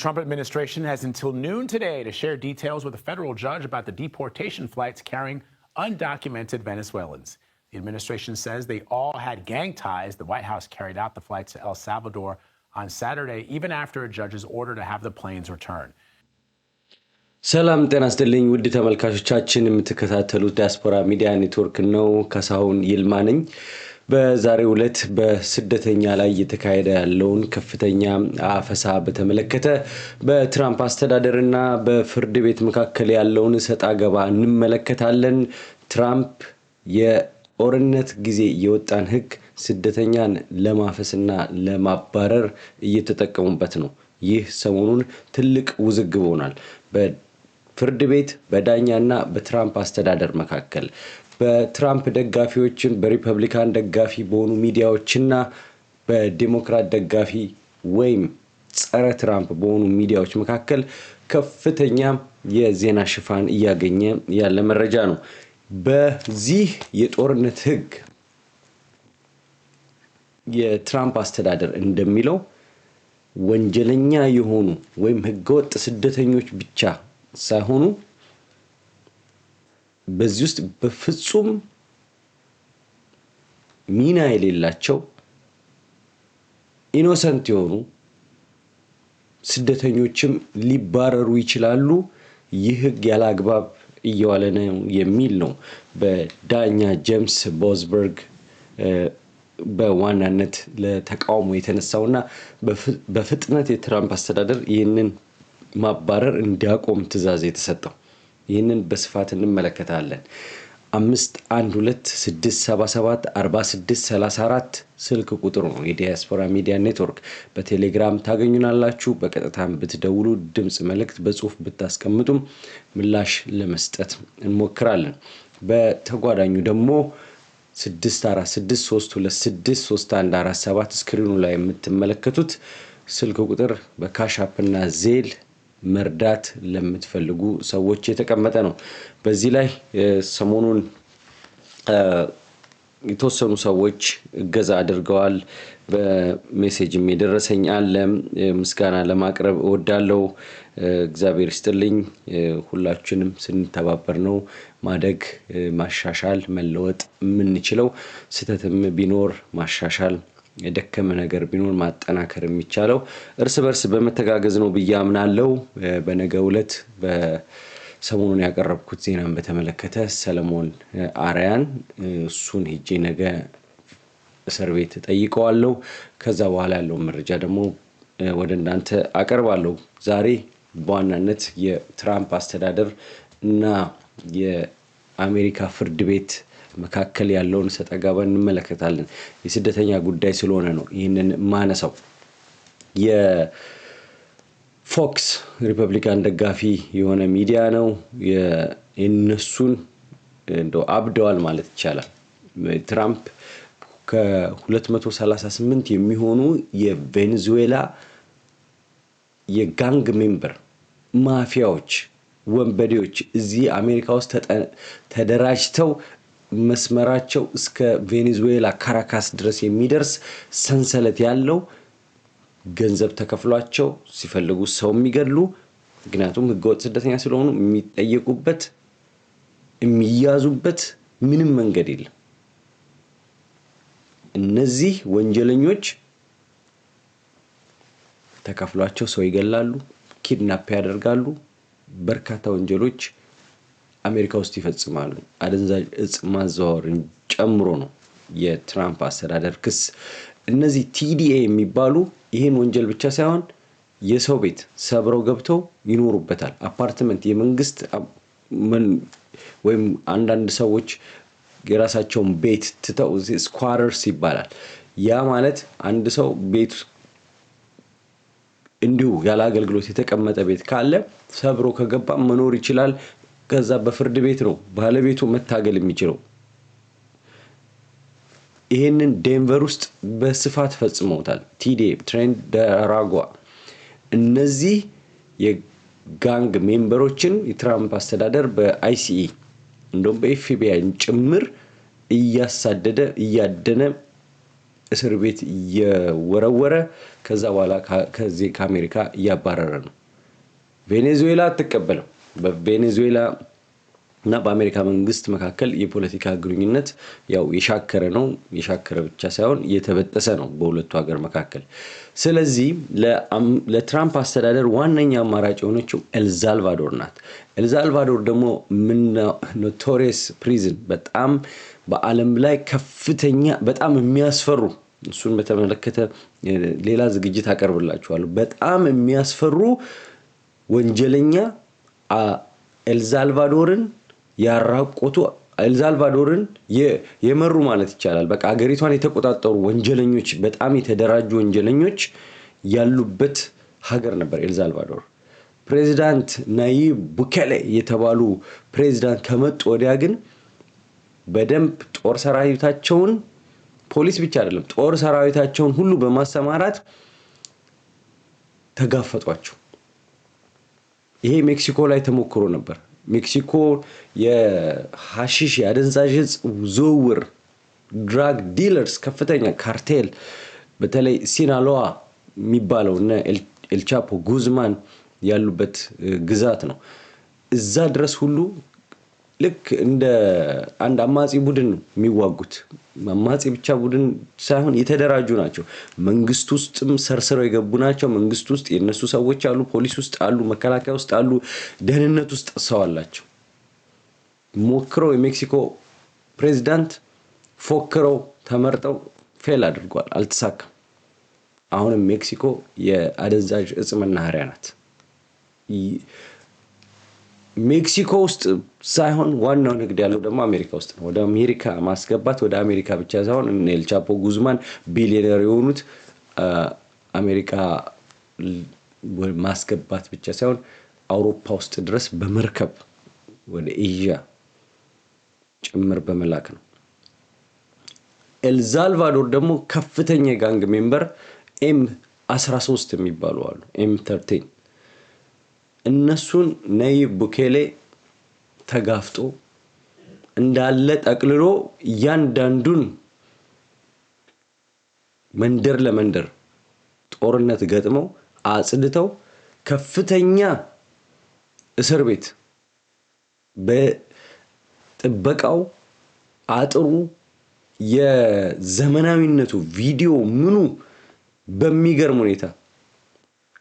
Trump administration has until noon today to share details with a federal judge about the deportation flights carrying undocumented Venezuelans. The administration says they all had gang ties. The White House carried out the flights to El Salvador on Saturday, even after a judge's order to have the planes return. ሰላም ጤና ስጥልኝ ውድ ተመልካቾቻችን የምትከታተሉት ዲያስፖራ ሚዲያ ኔትወርክ ነው። ካሳሁን ይልማ ነኝ። በዛሬው ዕለት በስደተኛ ላይ እየተካሄደ ያለውን ከፍተኛ አፈሳ በተመለከተ በትራምፕ አስተዳደርና በፍርድ ቤት መካከል ያለውን ሰጣ ገባ እንመለከታለን። ትራምፕ የጦርነት ጊዜ የወጣን ህግ ስደተኛን ለማፈስና ለማባረር እየተጠቀሙበት ነው። ይህ ሰሞኑን ትልቅ ውዝግብ ሆኗል። ፍርድ ቤት በዳኛና በትራምፕ አስተዳደር መካከል በትራምፕ ደጋፊዎችን በሪፐብሊካን ደጋፊ በሆኑ ሚዲያዎችና በዴሞክራት ደጋፊ ወይም ጸረ ትራምፕ በሆኑ ሚዲያዎች መካከል ከፍተኛ የዜና ሽፋን እያገኘ ያለ መረጃ ነው። በዚህ የጦርነት ህግ የትራምፕ አስተዳደር እንደሚለው ወንጀለኛ የሆኑ ወይም ህገወጥ ስደተኞች ብቻ ሳይሆኑ በዚህ ውስጥ በፍጹም ሚና የሌላቸው ኢኖሰንት የሆኑ ስደተኞችም ሊባረሩ ይችላሉ። ይህ ህግ ያለ አግባብ እየዋለ ነው የሚል ነው በዳኛ ጄምስ ቦዝበርግ በዋናነት ለተቃውሞ የተነሳው እና በፍጥነት የትራምፕ አስተዳደር ይህንን ማባረር እንዲያቆም ትዕዛዝ የተሰጠው። ይህንን በስፋት እንመለከታለን። አምስት አንድ ሁለት ስድስት ሰባ ሰባት አርባ ስድስት ሰላሳ አራት ስልክ ቁጥሩ ነው። የዲያስፖራ ሚዲያ ኔትወርክ በቴሌግራም ታገኙናላችሁ። በቀጥታም ብትደውሉ ድምፅ መልእክት በጽሁፍ ብታስቀምጡም ምላሽ ለመስጠት እንሞክራለን። በተጓዳኙ ደግሞ 6463263147 ስክሪኑ ላይ የምትመለከቱት ስልክ ቁጥር በካሻፕና ዜል መርዳት ለምትፈልጉ ሰዎች የተቀመጠ ነው። በዚህ ላይ ሰሞኑን የተወሰኑ ሰዎች እገዛ አድርገዋል። በሜሴጅም የደረሰኝ አለ። ምስጋና ለማቅረብ እወዳለሁ። እግዚአብሔር ይስጥልኝ። ሁላችንም ስንተባበር ነው ማደግ፣ ማሻሻል፣ መለወጥ የምንችለው። ስህተትም ቢኖር ማሻሻል የደከመ ነገር ቢኖር ማጠናከር የሚቻለው እርስ በርስ በመተጋገዝ ነው ብዬ አምናለው በነገ ውለት በሰሞኑን ያቀረብኩት ዜናን በተመለከተ ሰለሞን አርያን እሱን ሄጄ ነገ እስር ቤት ጠይቀዋለው ከዛ በኋላ ያለውን መረጃ ደግሞ ወደ እናንተ አቀርባለሁ። ዛሬ በዋናነት የትራምፕ አስተዳደር እና የአሜሪካ ፍርድ ቤት መካከል ያለውን ሰጠጋባ እንመለከታለን። የስደተኛ ጉዳይ ስለሆነ ነው ይህንን ማነሳው። የፎክስ ሪፐብሊካን ደጋፊ የሆነ ሚዲያ ነው። የእነሱን እንደው አብደዋል ማለት ይቻላል። ትራምፕ ከ238 የሚሆኑ የቬንዙዌላ የጋንግ ሜምበር ማፊያዎች፣ ወንበዴዎች እዚህ አሜሪካ ውስጥ ተደራጅተው መስመራቸው እስከ ቬኔዙዌላ ካራካስ ድረስ የሚደርስ ሰንሰለት ያለው ገንዘብ ተከፍሏቸው ሲፈልጉ ሰው የሚገድሉ ምክንያቱም ህገወጥ ስደተኛ ስለሆኑ የሚጠየቁበት የሚያዙበት ምንም መንገድ የለም። እነዚህ ወንጀለኞች ተከፍሏቸው ሰው ይገላሉ፣ ኪድናፕ ያደርጋሉ። በርካታ ወንጀሎች አሜሪካ ውስጥ ይፈጽማሉ። አደንዛዥ እጽ ማዘዋወርን ጨምሮ ነው የትራምፕ አስተዳደር ክስ። እነዚህ ቲዲኤ የሚባሉ ይህን ወንጀል ብቻ ሳይሆን የሰው ቤት ሰብረው ገብተው ይኖሩበታል። አፓርትመንት፣ የመንግስት ወይም አንዳንድ ሰዎች የራሳቸውን ቤት ትተው ስኳረርስ ይባላል። ያ ማለት አንድ ሰው ቤት እንዲሁ ያለ አገልግሎት የተቀመጠ ቤት ካለ ሰብሮ ከገባ መኖር ይችላል። ከዛ በፍርድ ቤት ነው ባለቤቱ መታገል የሚችለው። ይህንን ዴንቨር ውስጥ በስፋት ፈጽመውታል። ቲዴ ትሬንት ደራጓ እነዚህ የጋንግ ሜምበሮችን የትራምፕ አስተዳደር በአይሲኢ እንደውም በኤፍቢአይ ጭምር እያሳደደ እያደነ እስር ቤት እየወረወረ ከዛ በኋላ ከዚህ ከአሜሪካ እያባረረ ነው። ቬኔዙዌላ አትቀበልም። በቬኔዙዌላ እና በአሜሪካ መንግስት መካከል የፖለቲካ ግንኙነት ያው የሻከረ ነው። የሻከረ ብቻ ሳይሆን የተበጠሰ ነው በሁለቱ ሀገር መካከል። ስለዚህ ለትራምፕ አስተዳደር ዋነኛ አማራጭ የሆነችው ኤልዛልቫዶር ናት። ኤልዛልቫዶር ደግሞ ኖቶሪየስ ፕሪዝን በጣም በዓለም ላይ ከፍተኛ በጣም የሚያስፈሩ እሱን በተመለከተ ሌላ ዝግጅት አቀርብላችኋለሁ። በጣም የሚያስፈሩ ወንጀለኛ ኤልዛልቫዶርን ያራቆቱ ኤልዛልቫዶርን የመሩ ማለት ይቻላል። በቃ ሀገሪቷን የተቆጣጠሩ ወንጀለኞች፣ በጣም የተደራጁ ወንጀለኞች ያሉበት ሀገር ነበር ኤልዛልቫዶር። ፕሬዚዳንት ናይብ ቡኬሌ የተባሉ ፕሬዚዳንት ከመጡ ወዲያ ግን በደንብ ጦር ሰራዊታቸውን ፖሊስ ብቻ አይደለም ጦር ሰራዊታቸውን ሁሉ በማሰማራት ተጋፈጧቸው። ይሄ ሜክሲኮ ላይ ተሞክሮ ነበር። ሜክሲኮ የሐሺሽ የአደንዛዥ ዕፅ ዝውውር ድራግ ዲለርስ ከፍተኛ ካርቴል በተለይ ሲናሎዋ የሚባለው እነ ኤልቻፖ ጉዝማን ያሉበት ግዛት ነው። እዛ ድረስ ሁሉ ልክ እንደ አንድ አማጺ ቡድን የሚዋጉት አማጺ ብቻ ቡድን ሳይሆን የተደራጁ ናቸው። መንግስት ውስጥም ሰርስረው የገቡ ናቸው። መንግስት ውስጥ የእነሱ ሰዎች አሉ፣ ፖሊስ ውስጥ አሉ፣ መከላከያ ውስጥ አሉ፣ ደህንነት ውስጥ ሰው አላቸው። ሞክረው የሜክሲኮ ፕሬዚዳንት ፎክረው ተመርጠው ፌል አድርጓል፣ አልተሳካም። አሁንም ሜክሲኮ የአደንዛዥ እጽ መናኸሪያ ናት። ሜክሲኮ ውስጥ ሳይሆን ዋናው ንግድ ያለው ደግሞ አሜሪካ ውስጥ ነው። ወደ አሜሪካ ማስገባት ወደ አሜሪካ ብቻ ሳይሆን ኤልቻፖ ጉዝማን ቢሊዮነር የሆኑት አሜሪካ ማስገባት ብቻ ሳይሆን አውሮፓ ውስጥ ድረስ በመርከብ ወደ ኤዥያ ጭምር በመላክ ነው። ኤልዛልቫዶር ደግሞ ከፍተኛ የጋንግ ሜምበር ኤም 13 የሚባሉ አሉ ኤም ተርቴን እነሱን ነይ ቡኬሌ ተጋፍጦ እንዳለ ጠቅልሎ እያንዳንዱን መንደር ለመንደር ጦርነት ገጥመው አጽድተው ከፍተኛ እስር ቤት በጥበቃው አጥሩ የዘመናዊነቱ ቪዲዮ ምኑ በሚገርም ሁኔታ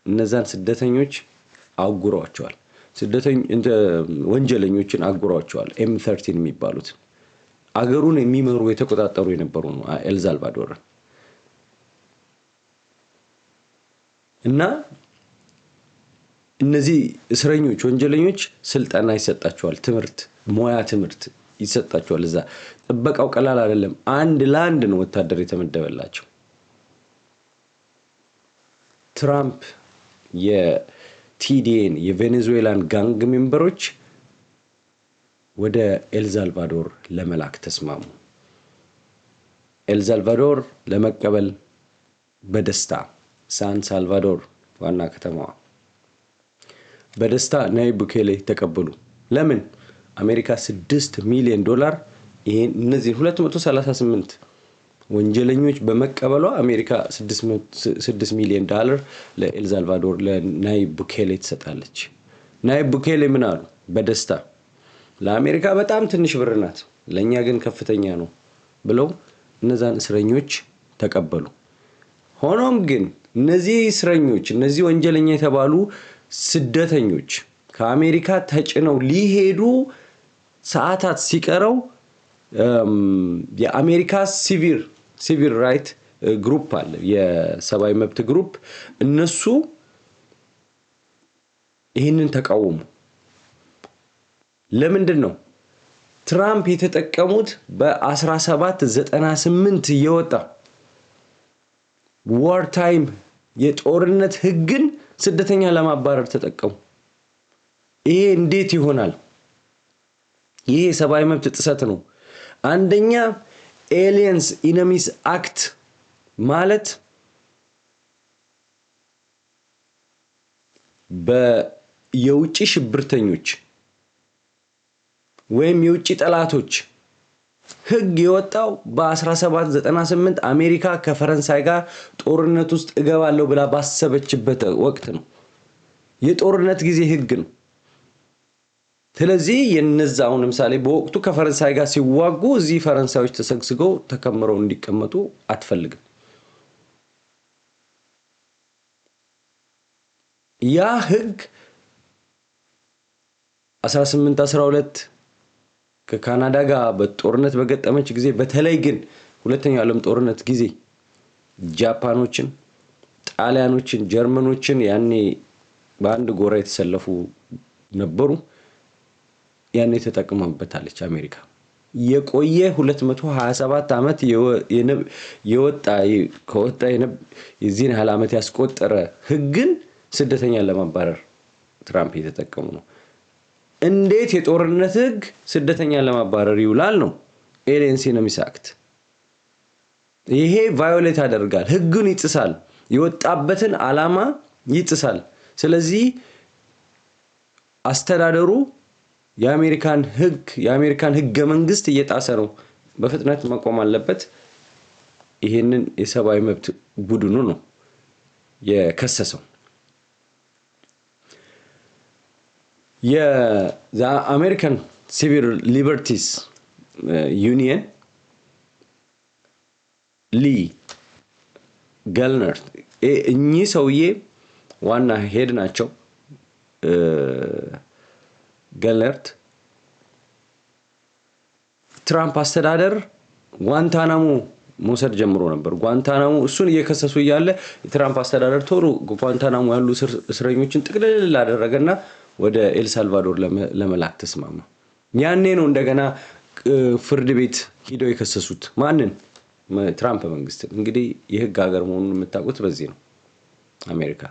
እነዛን ስደተኞች አጉሯቸዋል። ወንጀለኞችን አጉሯቸዋል። ኤም ተርቲን የሚባሉት አገሩን የሚመሩ የተቆጣጠሩ የነበሩ ነው ኤልዛልቫዶርን እና እነዚህ እስረኞች ወንጀለኞች ስልጠና ይሰጣቸዋል። ትምህርት ሙያ ትምህርት ይሰጣቸዋል። እዛ ጥበቃው ቀላል አይደለም። አንድ ለአንድ ነው ወታደር የተመደበላቸው። ትራምፕ ቲዲኤን የቬኔዙዌላን ጋንግ ሜምበሮች ወደ ኤልዛልቫዶር ለመላክ ተስማሙ። ኤልዛልቫዶር ለመቀበል በደስታ ሳን ሳልቫዶር ዋና ከተማዋ በደስታ ናይ ቡኬሌ ተቀበሉ። ለምን? አሜሪካ 6 ሚሊዮን ዶላር ይህን እነዚህ 238 ወንጀለኞች በመቀበሏ አሜሪካ 6 ሚሊዮን ዳላር ለኤልዛልቫዶር ለናይ ቡኬሌ ትሰጣለች። ናይ ቡኬሌ ምን አሉ? በደስታ ለአሜሪካ በጣም ትንሽ ብር ናት፣ ለእኛ ግን ከፍተኛ ነው ብለው እነዛን እስረኞች ተቀበሉ። ሆኖም ግን እነዚህ እስረኞች እነዚህ ወንጀለኛ የተባሉ ስደተኞች ከአሜሪካ ተጭነው ሊሄዱ ሰዓታት ሲቀረው የአሜሪካ ሲቪር ሲቪል ራይት ግሩፕ አለ፣ የሰብአዊ መብት ግሩፕ። እነሱ ይህንን ተቃወሙ። ለምንድን ነው ትራምፕ የተጠቀሙት በ1798 የወጣ ዋር ታይም የጦርነት ህግን ስደተኛ ለማባረር ተጠቀሙ። ይሄ እንዴት ይሆናል? ይሄ የሰብአዊ መብት ጥሰት ነው። አንደኛ ኤሊየንስ ኢነሚስ አክት ማለት የውጭ ሽብርተኞች ወይም የውጭ ጠላቶች ህግ የወጣው በ1798 አሜሪካ ከፈረንሳይ ጋር ጦርነት ውስጥ እገባለሁ ብላ ባሰበችበት ወቅት ነው። የጦርነት ጊዜ ህግ ነው። ስለዚህ የነዛ አሁን ለምሳሌ በወቅቱ ከፈረንሳይ ጋር ሲዋጉ እዚህ ፈረንሳዮች ተሰግስገው ተከምረው እንዲቀመጡ አትፈልግም። ያ ህግ 18 12 ከካናዳ ጋር በጦርነት በገጠመች ጊዜ በተለይ ግን ሁለተኛው ዓለም ጦርነት ጊዜ ጃፓኖችን፣ ጣሊያኖችን፣ ጀርመኖችን ያኔ በአንድ ጎራ የተሰለፉ ነበሩ። ያኔ ተጠቅመበታለች አሜሪካ። የቆየ 227 ዓመት የወጣ ከወጣ የዚህን ያህል ዓመት ያስቆጠረ ህግን ስደተኛ ለማባረር ትራምፕ እየተጠቀሙ ነው። እንዴት የጦርነት ህግ ስደተኛን ለማባረር ይውላል? ነው ኤሌንሲ ነው ይሄ ቫዮሌት ያደርጋል፣ ህግን ይጥሳል፣ የወጣበትን አላማ ይጥሳል። ስለዚህ አስተዳደሩ የአሜሪካን ህግ የአሜሪካን ህገ መንግስት እየጣሰ ነው፣ በፍጥነት መቆም አለበት። ይህንን የሰብአዊ መብት ቡድኑ ነው የከሰሰው። የአሜሪካን ሲቪል ሊበርቲስ ዩኒየን ሊ ገልነር እኚህ ሰውዬ ዋና ሄድ ናቸው። ገለርት ትራምፕ አስተዳደር ጓንታናሞ መውሰድ ጀምሮ ነበር። ጓንታናሞ እሱን እየከሰሱ እያለ የትራምፕ አስተዳደር ቶሎ ጓንታናሞ ያሉ እስረኞችን ጥቅልል አደረገና ወደ ኤልሳልቫዶር ለመላክ ተስማማ። ያኔ ነው እንደገና ፍርድ ቤት ሂደው የከሰሱት ማንን? ትራምፕ መንግስት። እንግዲህ የህግ ሀገር መሆኑን የምታውቁት በዚህ ነው። አሜሪካ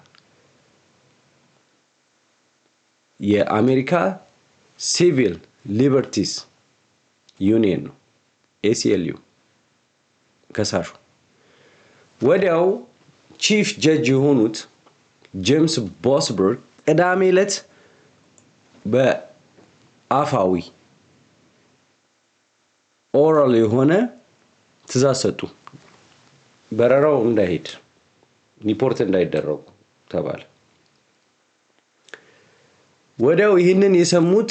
የአሜሪካ ሲቪል ሊበርቲስ ዩኒየን ነው ኤሲኤልዩ ከሳሹ። ወዲያው ቺፍ ጀጅ የሆኑት ጄምስ ቦስበርግ ቅዳሜ ዕለት በአፋዊ ኦራል የሆነ ትእዛዝ ሰጡ። በረራው እንዳይሄድ ሪፖርት እንዳይደረጉ ተባለ። ወዲያው ይህንን የሰሙት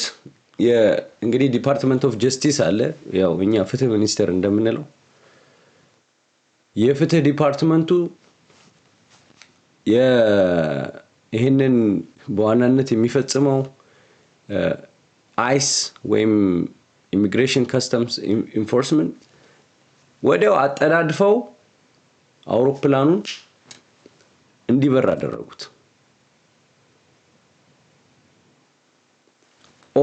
እንግዲህ ዲፓርትመንት ኦፍ ጀስቲስ አለ። ያው እኛ ፍትህ ሚኒስቴር እንደምንለው የፍትህ ዲፓርትመንቱ ይህንን በዋናነት የሚፈጽመው አይስ ወይም ኢሚግሬሽን ከስተምስ ኢንፎርስመንት ወዲያው አጠዳድፈው አውሮፕላኑን እንዲበር አደረጉት።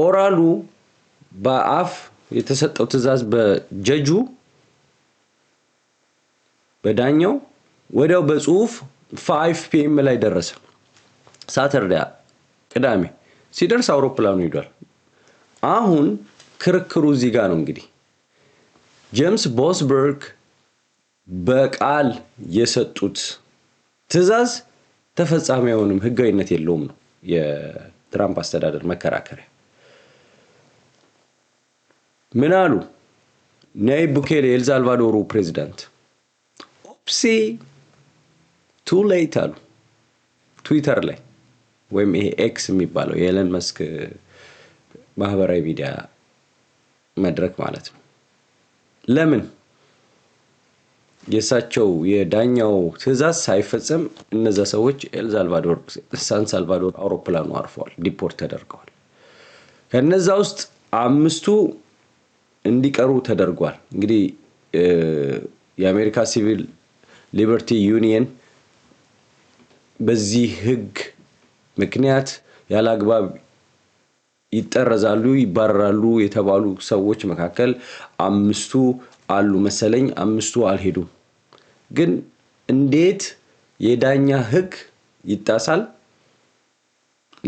ኦራሉ በአፍ የተሰጠው ትዕዛዝ በጀጁ በዳኛው ወዲያው በጽሁፍ 5 ፒኤም ላይ ደረሰ። ሳተርዳ ቅዳሜ ሲደርስ አውሮፕላኑ ሂዷል። አሁን ክርክሩ እዚህ ጋር ነው። እንግዲህ ጄምስ ቦስበርግ በቃል የሰጡት ትዕዛዝ ተፈጻሚ አይሆንም፣ ህጋዊነት የለውም ነው የትራምፕ አስተዳደር መከራከሪያ። ምን አሉ? ናይብ ቡኬሌ የኤልሳልቫዶሩ ፕሬዚዳንት ኦፕሲ ቱ ሌት አሉ። ትዊተር ላይ ወይም ይሄ ኤክስ የሚባለው የኤለን መስክ ማህበራዊ ሚዲያ መድረክ ማለት ነው። ለምን የእሳቸው የዳኛው ትዕዛዝ ሳይፈጸም እነዛ ሰዎች ኤልሳልቫዶር ሳን ሳልቫዶር አውሮፕላኑ አርፈዋል፣ ዲፖርት ተደርገዋል። ከነዛ ውስጥ አምስቱ እንዲቀሩ ተደርጓል። እንግዲህ የአሜሪካ ሲቪል ሊበርቲ ዩኒየን በዚህ ህግ ምክንያት ያለ አግባብ ይጠረዛሉ፣ ይባረራሉ የተባሉ ሰዎች መካከል አምስቱ አሉ መሰለኝ። አምስቱ አልሄዱም። ግን እንዴት የዳኛ ህግ ይጣሳል?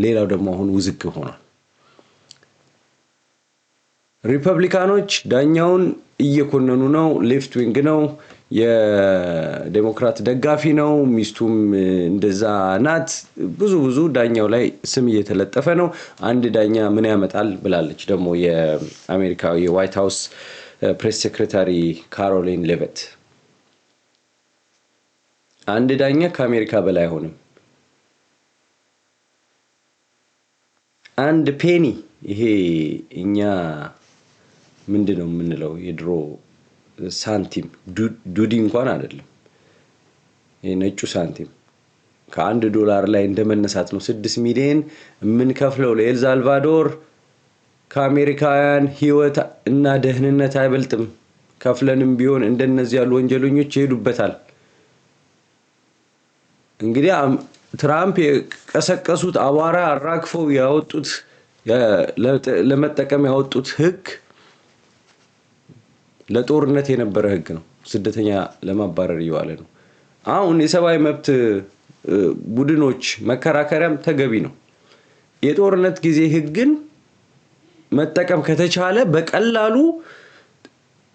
ሌላው ደግሞ አሁን ውዝግብ ሆኗል። ሪፐብሊካኖች ዳኛውን እየኮነኑ ነው። ሌፍት ዊንግ ነው፣ የዴሞክራት ደጋፊ ነው፣ ሚስቱም እንደዛ ናት። ብዙ ብዙ ዳኛው ላይ ስም እየተለጠፈ ነው። አንድ ዳኛ ምን ያመጣል ብላለች ደግሞ የአሜሪካዊ የዋይት ሀውስ ፕሬስ ሴክሬታሪ ካሮሊን ሌቨት። አንድ ዳኛ ከአሜሪካ በላይ አይሆንም። አንድ ፔኒ ይሄ እኛ ምንድን ነው የምንለው የድሮ ሳንቲም ዱዲ እንኳን አይደለም። ነጩ ሳንቲም ከአንድ ዶላር ላይ እንደመነሳት ነው። ስድስት ሚሊዮን የምንከፍለው ለኤልዛልቫዶር ከአሜሪካውያን ህይወት እና ደህንነት አይበልጥም። ከፍለንም ቢሆን እንደነዚህ ያሉ ወንጀለኞች ይሄዱበታል። እንግዲህ ትራምፕ የቀሰቀሱት አቧራ አራግፈው ያወጡት ለመጠቀም ያወጡት ህግ ለጦርነት የነበረ ህግ ነው። ስደተኛ ለማባረር እየዋለ ነው። አሁን የሰብአዊ መብት ቡድኖች መከራከሪያም ተገቢ ነው። የጦርነት ጊዜ ህግን መጠቀም ከተቻለ በቀላሉ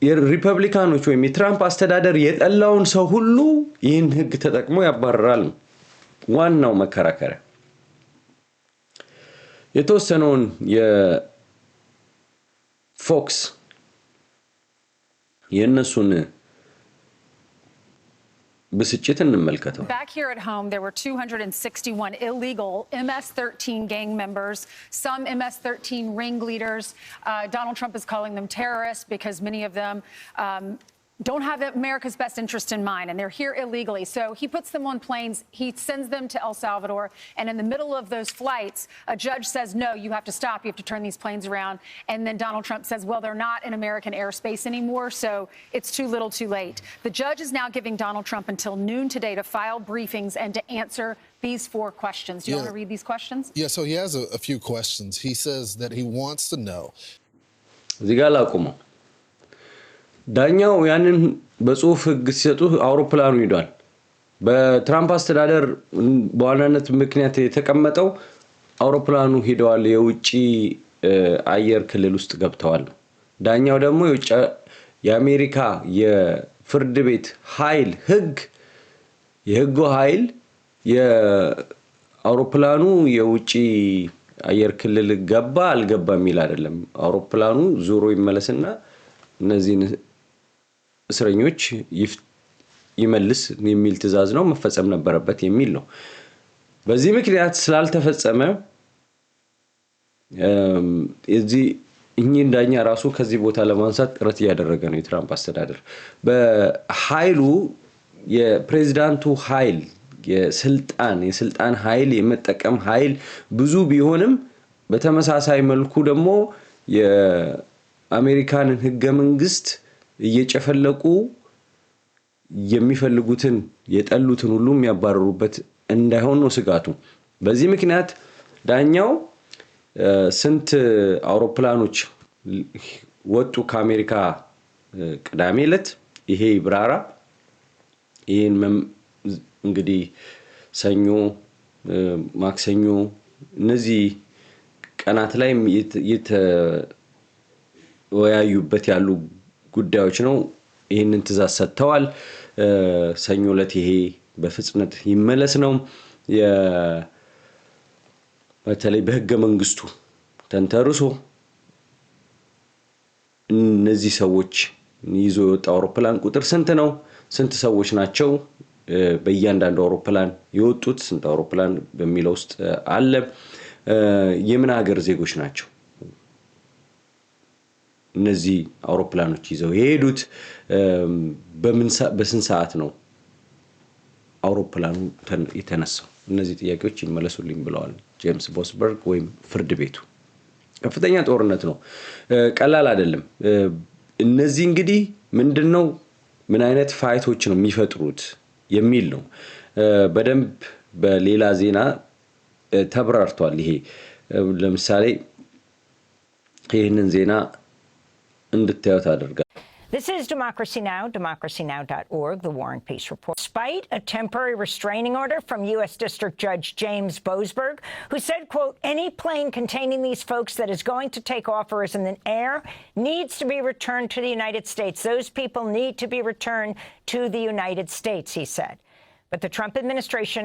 የሪፐብሊካኖች ወይም የትራምፕ አስተዳደር የጠላውን ሰው ሁሉ ይህን ህግ ተጠቅሞ ያባርራል ነው ዋናው መከራከሪያ። የተወሰነውን የፎክስ የእነሱን ብስጭት Back here at home, there were 261 illegal MS-13 gang members, some MS-13 ringleaders. Uh, Donald Trump is calling them terrorists because many of them um, don't have America's best interest in mind, and they're here illegally. So he puts them on planes, he sends them to El Salvador, and in the middle of those flights, a judge says, No, you have to stop, you have to turn these planes around. And then Donald Trump says, Well, they're not in American airspace anymore, so it's too little too late. The judge is now giving Donald Trump until noon today to file briefings and to answer these four questions. Do you yeah. want to read these questions? Yeah, so he has a, a few questions. He says that he wants to know. como. ዳኛው ያንን በጽሁፍ ህግ ሲሰጡ አውሮፕላኑ ሄዷል። በትራምፕ አስተዳደር በዋናነት ምክንያት የተቀመጠው አውሮፕላኑ ሂደዋል የውጭ አየር ክልል ውስጥ ገብተዋል ዳኛው ደግሞ የአሜሪካ የፍርድ ቤት ኃይል ህግ የህጉ ኃይል የአውሮፕላኑ የውጭ አየር ክልል ገባ አልገባ የሚል አይደለም። አውሮፕላኑ ዙሮ ይመለስና እነዚህን እስረኞች ይመልስ የሚል ትዕዛዝ ነው፣ መፈጸም ነበረበት የሚል ነው። በዚህ ምክንያት ስላልተፈጸመ እዚህ እኚህን ዳኛ ራሱ ከዚህ ቦታ ለማንሳት ጥረት እያደረገ ነው የትራምፕ አስተዳደር። በኃይሉ የፕሬዚዳንቱ ኃይል የስልጣን የስልጣን ኃይል የመጠቀም ኃይል ብዙ ቢሆንም በተመሳሳይ መልኩ ደግሞ የአሜሪካንን ህገ መንግስት እየጨፈለቁ የሚፈልጉትን የጠሉትን ሁሉ የሚያባረሩበት እንዳይሆን ነው ስጋቱ። በዚህ ምክንያት ዳኛው ስንት አውሮፕላኖች ወጡ ከአሜሪካ ቅዳሜ ዕለት ይሄ ብራራ ይህን እንግዲህ ሰኞ፣ ማክሰኞ እነዚህ ቀናት ላይ የተወያዩበት ያሉ ጉዳዮች ነው። ይህንን ትእዛዝ ሰጥተዋል። ሰኞ ዕለት ይሄ በፍጥነት ይመለስ ነው። በተለይ በህገ መንግስቱ ተንተርሶ እነዚህ ሰዎች ይዞ የወጣ አውሮፕላን ቁጥር ስንት ነው? ስንት ሰዎች ናቸው በእያንዳንዱ አውሮፕላን የወጡት? ስንት አውሮፕላን በሚለው ውስጥ አለ? የምን ሀገር ዜጎች ናቸው? እነዚህ አውሮፕላኖች ይዘው የሄዱት በስንት ሰዓት ነው አውሮፕላኑ የተነሳው? እነዚህ ጥያቄዎች ይመለሱልኝ ብለዋል ጄምስ ቦስበርግ ወይም ፍርድ ቤቱ። ከፍተኛ ጦርነት ነው፣ ቀላል አይደለም። እነዚህ እንግዲህ ምንድን ነው ምን አይነት ፋይቶች ነው የሚፈጥሩት የሚል ነው። በደንብ በሌላ ዜና ተብራርቷል። ይሄ ለምሳሌ ይህንን ዜና እንድታዩ ታደርጋል። This is Democracy Now!, democracynow.org, The War and Peace Report. Despite a temporary restraining order from U.S. District Judge James Boasberg, who said, quote, any plane containing these folks that is going to take off or is in the air needs to be returned to the United States. Those people need to be returned to the United States, he said. But the Trump administration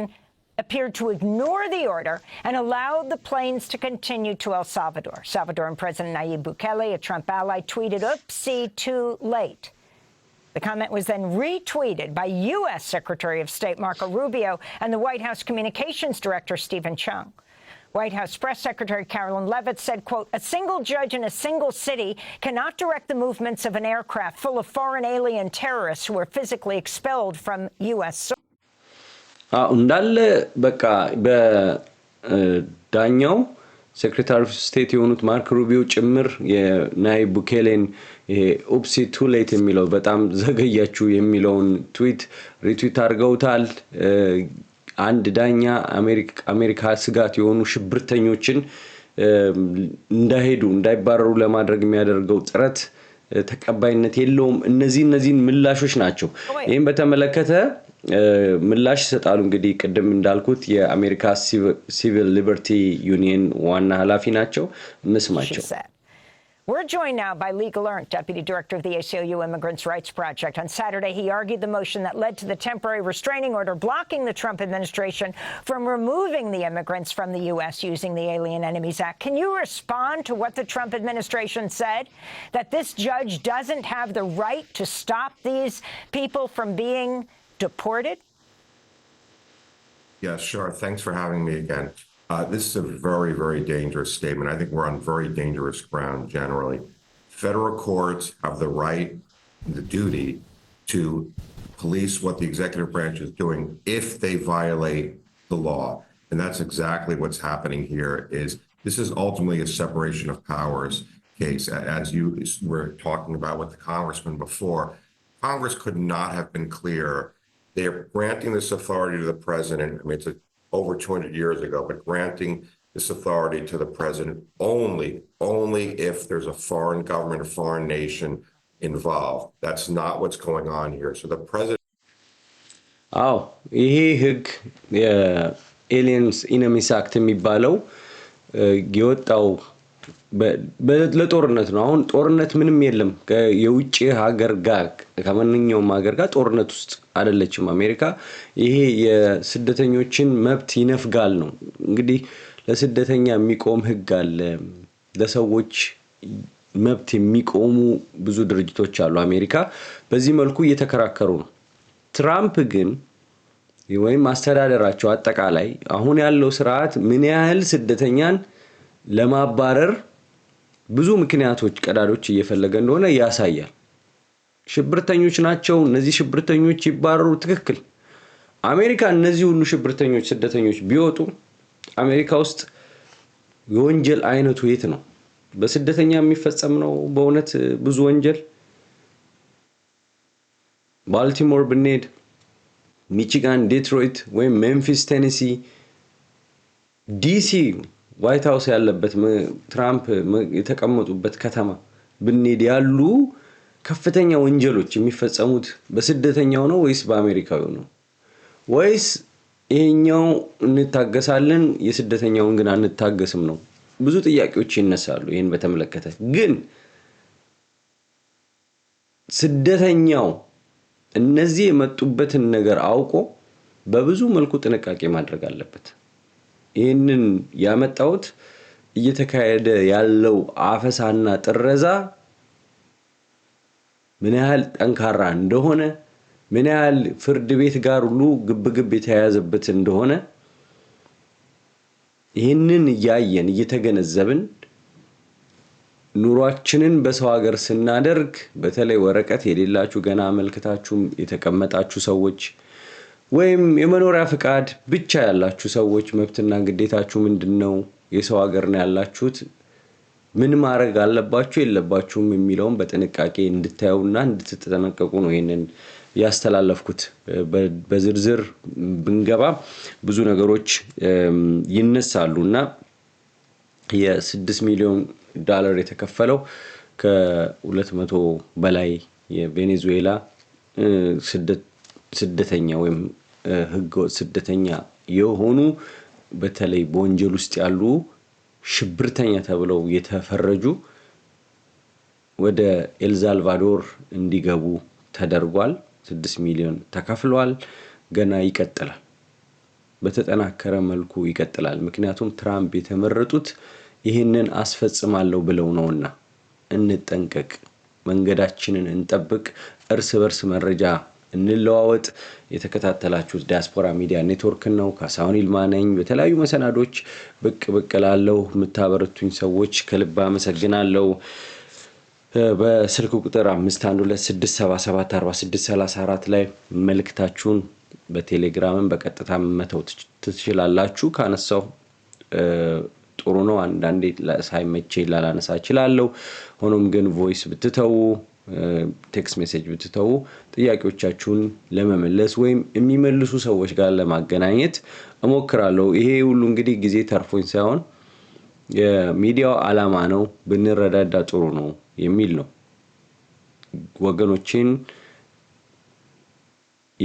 appeared to ignore the order and allowed the planes to continue to El Salvador. Salvadoran President Nayib Bukele, a Trump ally, tweeted, oopsie, too late. The comment was then retweeted by U.S. Secretary of State Marco Rubio and the White House Communications Director Stephen Chung. White House Press Secretary Carolyn Levitt said, quote, a single judge in a single city cannot direct the movements of an aircraft full of foreign alien terrorists who are physically expelled from U.S. soil. እንዳለ በቃ በዳኛው ሴክሬታሪ ኦፍ ስቴት የሆኑት ማርክ ሩቢዮ ጭምር የናይ ቡኬሌን ኦፕሲ ቱ ሌት የሚለው በጣም ዘገያችሁ የሚለውን ትዊት ሪትዊት አድርገውታል። አንድ ዳኛ አሜሪካ ስጋት የሆኑ ሽብርተኞችን እንዳይሄዱ እንዳይባረሩ ለማድረግ የሚያደርገው ጥረት ተቀባይነት የለውም። እነዚህ እነዚህን ምላሾች ናቸው። ይህም በተመለከተ ምላሽ ይሰጣሉ። እንግዲህ ቅድም እንዳልኩት የአሜሪካ ሲቪል ሊበርቲ ዩኒየን ዋና ኃላፊ ናቸው። ምስማቸው We're joined now by Lee Gelernt, Deputy Director of the ACLU Immigrants' Rights Project. On Saturday, he argued the motion that led to the temporary restraining order blocking the Trump administration from removing the immigrants from the U.S. using the Alien Enemies Act. Can you respond to what the Trump administration said, that this judge doesn't have the right to stop these people from being deported? Yeah, sure. Thanks for having me again. Uh, this is a very, very dangerous statement. I think we're on very dangerous ground generally. Federal courts have the right, the duty to police what the executive branch is doing if they violate the law. And that's exactly what's happening here is this is ultimately a separation of powers case. As you were talking about with the congressman before, Congress could not have been clear they're granting this authority to the president. I mean, it's over 200 years ago, but granting this authority to the president only, only if there's a foreign government, or foreign nation involved. That's not what's going on here. So the president. ይህ የኤሊየንስ ኢነሚስ አክት የሚባለው uh, የወጣው ለጦርነት ነው። አሁን ጦርነት ምንም የለም። የውጭ ሀገር ጋር ከማንኛውም ሀገር ጋር ጦርነት ውስጥ አይደለችም አሜሪካ። ይሄ የስደተኞችን መብት ይነፍጋል ነው እንግዲህ። ለስደተኛ የሚቆም ህግ አለ። ለሰዎች መብት የሚቆሙ ብዙ ድርጅቶች አሉ አሜሪካ። በዚህ መልኩ እየተከራከሩ ነው። ትራምፕ ግን ወይም አስተዳደራቸው አጠቃላይ አሁን ያለው ስርዓት ምን ያህል ስደተኛን ለማባረር ብዙ ምክንያቶች፣ ቀዳዶች እየፈለገ እንደሆነ ያሳያል። ሽብርተኞች ናቸው፣ እነዚህ ሽብርተኞች ይባረሩ። ትክክል። አሜሪካ እነዚህ ሁሉ ሽብርተኞች፣ ስደተኞች ቢወጡ አሜሪካ ውስጥ የወንጀል አይነቱ የት ነው? በስደተኛ የሚፈጸም ነው በእውነት ብዙ ወንጀል። ባልቲሞር ብንሄድ፣ ሚቺጋን፣ ዴትሮይት ወይም ሜምፊስ፣ ቴኔሲ፣ ዲሲ ዋይት ሀውስ ያለበት ትራምፕ የተቀመጡበት ከተማ ብንሄድ ያሉ ከፍተኛ ወንጀሎች የሚፈጸሙት በስደተኛው ነው ወይስ በአሜሪካዊ ነው? ወይስ ይሄኛው እንታገሳለን የስደተኛውን ግን አንታገስም ነው? ብዙ ጥያቄዎች ይነሳሉ። ይህን በተመለከተ ግን ስደተኛው እነዚህ የመጡበትን ነገር አውቆ በብዙ መልኩ ጥንቃቄ ማድረግ አለበት። ይህንን ያመጣሁት እየተካሄደ ያለው አፈሳና ጥረዛ ምን ያህል ጠንካራ እንደሆነ ምን ያህል ፍርድ ቤት ጋር ሁሉ ግብግብ የተያያዘበት እንደሆነ ይህንን እያየን እየተገነዘብን ኑሯችንን በሰው ሀገር ስናደርግ በተለይ ወረቀት የሌላችሁ ገና አመልክታችሁም የተቀመጣችሁ ሰዎች ወይም የመኖሪያ ፍቃድ ብቻ ያላችሁ ሰዎች መብትና ግዴታችሁ ምንድን ነው? የሰው ሀገር ነው ያላችሁት፣ ምን ማድረግ አለባችሁ የለባችሁም የሚለውን በጥንቃቄ እንድታዩና እንድትጠነቀቁ ነው ይህንን ያስተላለፍኩት። በዝርዝር ብንገባ ብዙ ነገሮች ይነሳሉ እና የስድስት ሚሊዮን ዳላር የተከፈለው ከሁለት መቶ በላይ የቬኔዙዌላ ስደት ስደተኛ ወይም ህገወጥ ስደተኛ የሆኑ በተለይ በወንጀል ውስጥ ያሉ ሽብርተኛ ተብለው የተፈረጁ ወደ ኤልዛልቫዶር እንዲገቡ ተደርጓል። ስድስት ሚሊዮን ተከፍለዋል። ገና ይቀጥላል። በተጠናከረ መልኩ ይቀጥላል። ምክንያቱም ትራምፕ የተመረጡት ይህንን አስፈጽማለሁ ብለው ነውና፣ እንጠንቀቅ፣ መንገዳችንን እንጠብቅ፣ እርስ በርስ መረጃ እንለዋወጥ። የተከታተላችሁት ዲያስፖራ ሚዲያ ኔትወርክን ነው። ካሳሁን ይልማ ነኝ። በተለያዩ መሰናዶች ብቅ ብቅ ላለው የምታበረቱኝ ሰዎች ከልብ አመሰግናለሁ። በስልክ ቁጥር አራት ላይ መልእክታችሁን በቴሌግራምን በቀጥታ መተው ትችላላችሁ። ካነሳው ጥሩ ነው። አንዳንዴ ሳይመቼ ላላነሳ እችላለሁ። ሆኖም ግን ቮይስ ብትተዉ ቴክስት ሜሴጅ ብትተዉ ጥያቄዎቻችሁን ለመመለስ ወይም የሚመልሱ ሰዎች ጋር ለማገናኘት እሞክራለሁ። ይሄ ሁሉ እንግዲህ ጊዜ ተርፎኝ ሳይሆን የሚዲያው አላማ ነው፣ ብንረዳዳ ጥሩ ነው የሚል ነው። ወገኖችን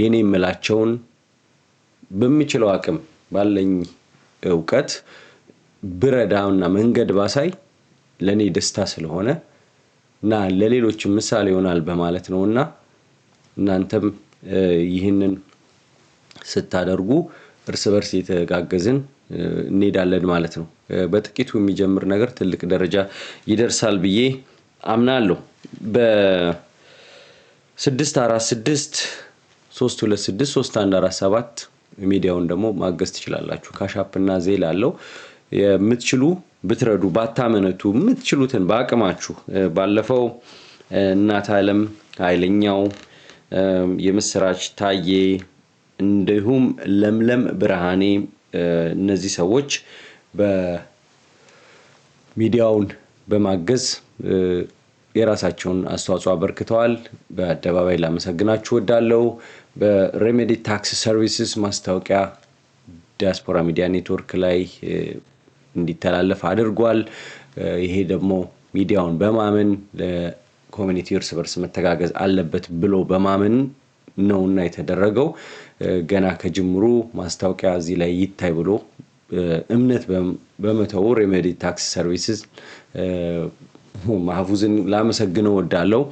የኔ የምላቸውን በምችለው አቅም ባለኝ እውቀት እና መንገድ ባሳይ ለእኔ ደስታ ስለሆነ እና ለሌሎች ምሳሌ ይሆናል በማለት ነው እና እናንተም ይህንን ስታደርጉ እርስ በርስ የተጋገዝን እንሄዳለን ማለት ነው። በጥቂቱ የሚጀምር ነገር ትልቅ ደረጃ ይደርሳል ብዬ አምናለሁ። በስድስት አራት 6 3 ሁለት ስድስት ሶስት አንድ ሚዲያውን ደግሞ ማገዝ ትችላላችሁ። ካሻፕ እና ዜል አለው የምትችሉ ብትረዱ ባታመነቱ የምትችሉትን በአቅማችሁ ባለፈው እናት አለም ኃይለኛው የምስራች ታዬ እንዲሁም ለምለም ብርሃኔ እነዚህ ሰዎች በሚዲያውን በማገዝ የራሳቸውን አስተዋጽኦ አበርክተዋል። በአደባባይ ላመሰግናችሁ ወዳለው በሬሜዲ ታክስ ሰርቪስስ ማስታወቂያ ዲያስፖራ ሚዲያ ኔትወርክ ላይ እንዲተላለፍ አድርጓል። ይሄ ደግሞ ሚዲያውን በማመን ለኮሚኒቲ እርስ በርስ መተጋገዝ አለበት ብሎ በማመን ነውና የተደረገው። ገና ከጅምሩ ማስታወቂያ እዚህ ላይ ይታይ ብሎ እምነት በመተው ሬሜዲ ታክስ ሰርቪስስ ማህፉዝን ላመሰግነው ወዳለው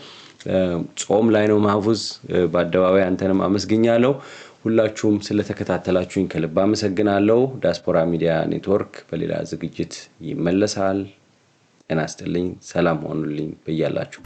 ጾም ላይ ነው ማህፉዝ፣ በአደባባይ አንተንም አመስግኛለሁ። ሁላችሁም ስለተከታተላችሁኝ ከልብ አመሰግናለሁ። ዲያስፖራ ሚዲያ ኔትወርክ በሌላ ዝግጅት ይመለሳል። ጤና ይስጥልኝ። ሰላም ሆኑልኝ በያላችሁ